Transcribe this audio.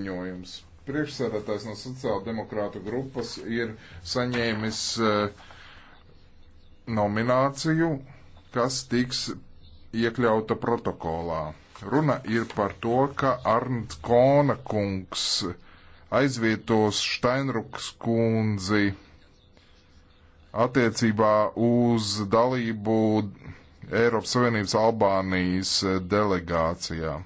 ziņojums. Priekšsēdētājs no sociāldemokrātu grupas ir saņēmis eh, nomināciju, kas tiks iekļauta protokolā. Runa ir par to, ka Arnts Kona kungs aizvietos Steinruks kundzi attiecībā uz dalību Eiropas Savienības Albānijas eh, delegācijā.